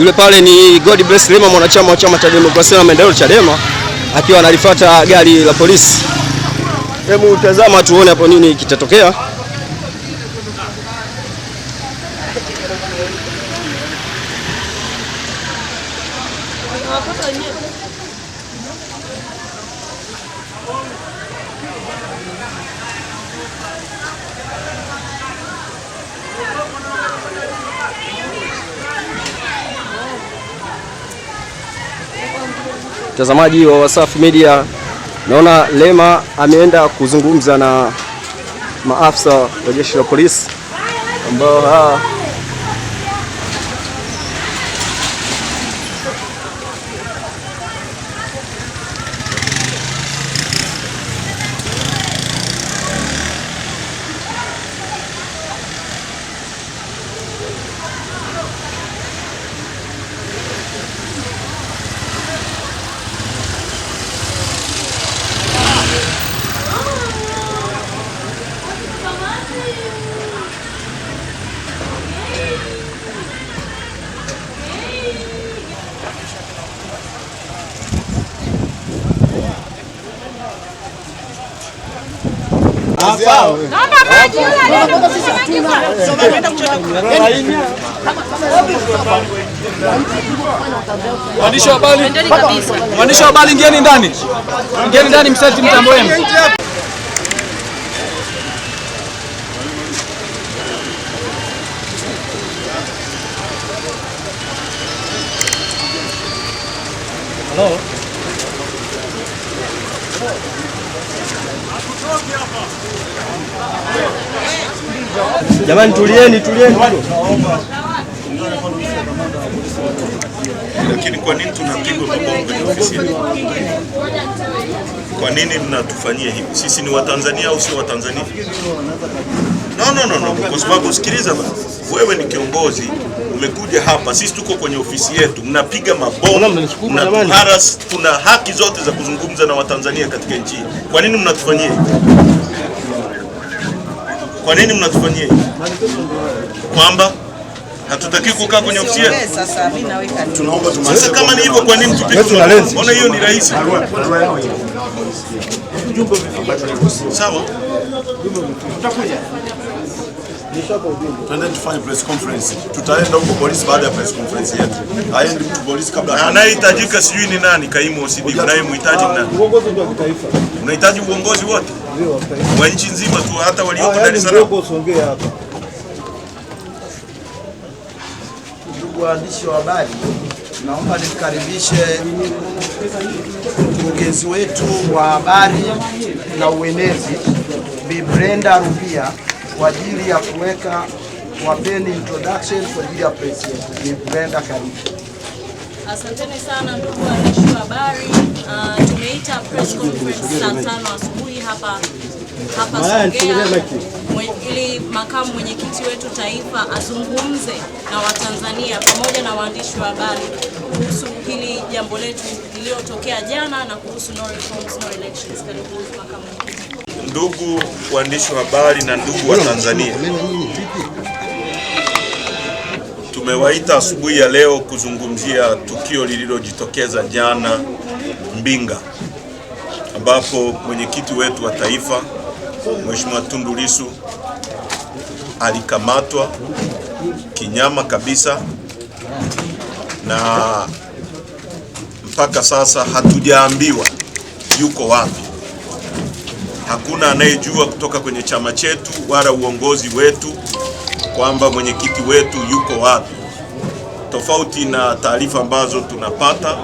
Yule pale ni God bless Lema, mwanachama wa chama cha demokrasia na maendeleo Chadema, akiwa analifuata gari la polisi. Hebu tazama tuone hapo nini kitatokea. mtazamaji wa Wasafi Media, naona Lema ameenda kuzungumza na maafisa wa jeshi la polisi ambao kazi mwandishi wa habari, mwandishi ngeni ndani, ngeni ndani, mseti mtambo wenu. Hello. Jamani, tulieni, tulieni. Lakini kwa nini tunapigwa mabomu kwenye ofisi? Kwa nini mnatufanyia hivi? Sisi ni Watanzania au sio Watanzania? No, no, no, no. Kwa sababu sikiliza wewe ni kiongozi mmekuja hapa, sisi tuko kwenye ofisi yetu, mnapiga mabomu, haras. Tuna haki zote za kuzungumza na Watanzania katika nchi hii. Kwa nini mnatufanyia? Kwa nini mnatufanyia kwamba hatutaki kukaa kwenye ofisi yetu. Sasa kama ni hivyo, kwa nini tupige? Mbona hiyo ni rahisi? Sawa anahitajika tufanye press conference, tutaenda huko polisi baada ya press conference yetu. mtu polisi kabla. Anayehitajika sijui ni nani, kaimu OCD mnayemhitaji nani? Uongozi wa kitaifa. Unahitaji uongozi wote wa nchi nzima tu, hata walioko ah, Dar es Salaam. Ndugu waandishi wa habari, naomba nimkaribishe mkurugenzi wetu wa habari na uenezi Bi Brenda Rupia kwa ajili ya kuweka wapeni introduction kwa ajili ya press yetu. Brenda, karibu. Asanteni sana ndugu waandishi wa habari. Uh, tumeita press conference saa tano asubuhi hapa hapa Songea ili makamu mwenyekiti wetu taifa azungumze na Watanzania pamoja na waandishi wa habari kuhusu hili jambo letu lililotokea jana na kuhusu no reforms, no elections. Karibu makamu mwenyekiti. Ndugu waandishi wa habari na ndugu wa Tanzania, tumewaita asubuhi ya leo kuzungumzia tukio lililojitokeza jana Mbinga, ambapo mwenyekiti wetu wa taifa Mheshimiwa Tundu Lissu alikamatwa kinyama kabisa, na mpaka sasa hatujaambiwa yuko wapi. Hakuna anayejua kutoka kwenye chama chetu wala uongozi wetu kwamba mwenyekiti wetu yuko wapi, tofauti na taarifa ambazo tunapata.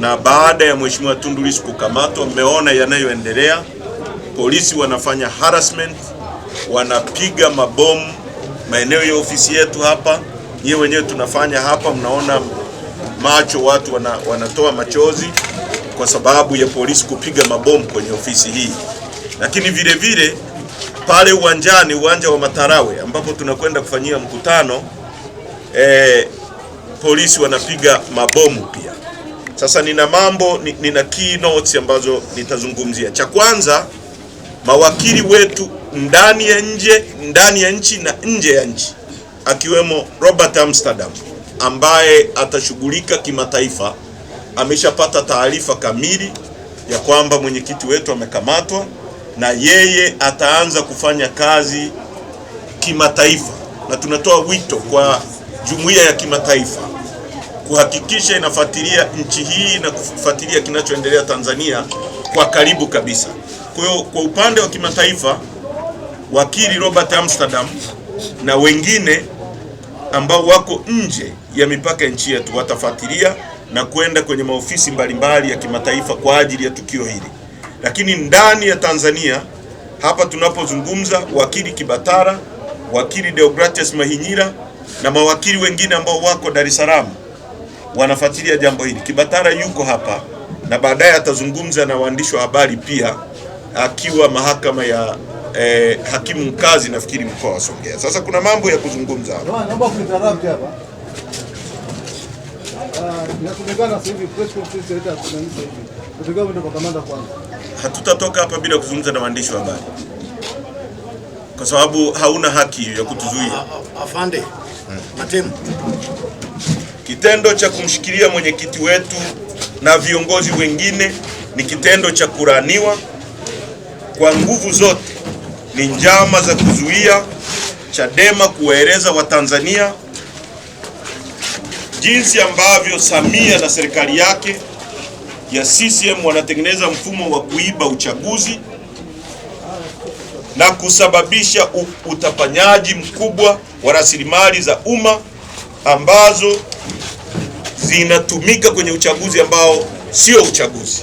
Na baada ya Mheshimiwa Tundu Lissu kukamatwa, mmeona yanayoendelea polisi wanafanya harassment, wanapiga mabomu maeneo ya ofisi yetu hapa, nyewe wenyewe tunafanya hapa, mnaona macho watu wana, wanatoa machozi kwa sababu ya polisi kupiga mabomu kwenye ofisi hii. Lakini vile vile pale uwanjani, uwanja wa Matarawe ambapo tunakwenda kufanyia mkutano eh, polisi wanapiga mabomu pia. Sasa nina mambo nina key notes ambazo nitazungumzia. Cha kwanza mawakili wetu ndani ya nje ndani ya nchi na nje ya nchi, akiwemo Robert Amsterdam ambaye atashughulika kimataifa, ameshapata taarifa kamili ya kwamba mwenyekiti wetu amekamatwa, na yeye ataanza kufanya kazi kimataifa, na tunatoa wito kwa jumuiya ya kimataifa kuhakikisha inafuatilia nchi hii na kufuatilia kinachoendelea Tanzania kwa karibu kabisa. Kwa hiyo kwa upande wa kimataifa, wakili Robert Amsterdam na wengine ambao wako nje ya mipaka ya nchi yetu watafuatilia na kwenda kwenye maofisi mbalimbali mbali ya kimataifa kwa ajili ya tukio hili. Lakini ndani ya Tanzania hapa tunapozungumza, wakili Kibatara, wakili Deogratias Mahinyira na mawakili wengine ambao wako Dar es Salaam wanafuatilia jambo hili. Kibatara yuko hapa na baadaye atazungumza na waandishi wa habari pia akiwa mahakama ya eh, hakimu mkazi nafikiri mkoa wa Songea. Sasa kuna mambo ya kuzungumza hapa. Naomba kutarabia hapa. Ah, Hatutatoka hapa bila kuzungumza na waandishi wa habari kwa sababu hauna haki ya kutuzuia. Afande Matemu, kitendo cha kumshikilia mwenyekiti wetu na viongozi wengine ni kitendo cha kulaaniwa kwa nguvu zote ni njama za kuzuia Chadema kuwaeleza Watanzania jinsi ambavyo Samia na serikali yake ya CCM wanatengeneza mfumo wa kuiba uchaguzi na kusababisha utapanyaji mkubwa wa rasilimali za umma ambazo zinatumika kwenye uchaguzi ambao sio uchaguzi.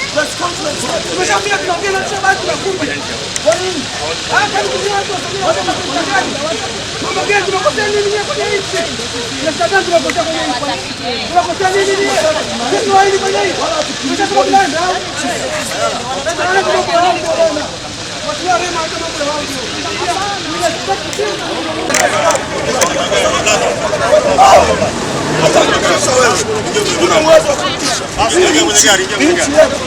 Tumeshaambia tunaongea na shabaki tunakuja. Kwa nini? Ah, kama kuna watu wasogea watu wanataka gani? Mambo gani tunakosea nini nyinyi kwenye nchi? Na shabaki tunakosea kwenye nchi. Tunakosea nini nyinyi? Sisi wa hili kwenye hii. Tumeshakuwa blanda. Tunataka kuondoka hapa. Watu wa Rema hata mambo yao. Tunataka kusikia. Sasa wewe una uwezo wa kutisha nchi yetu.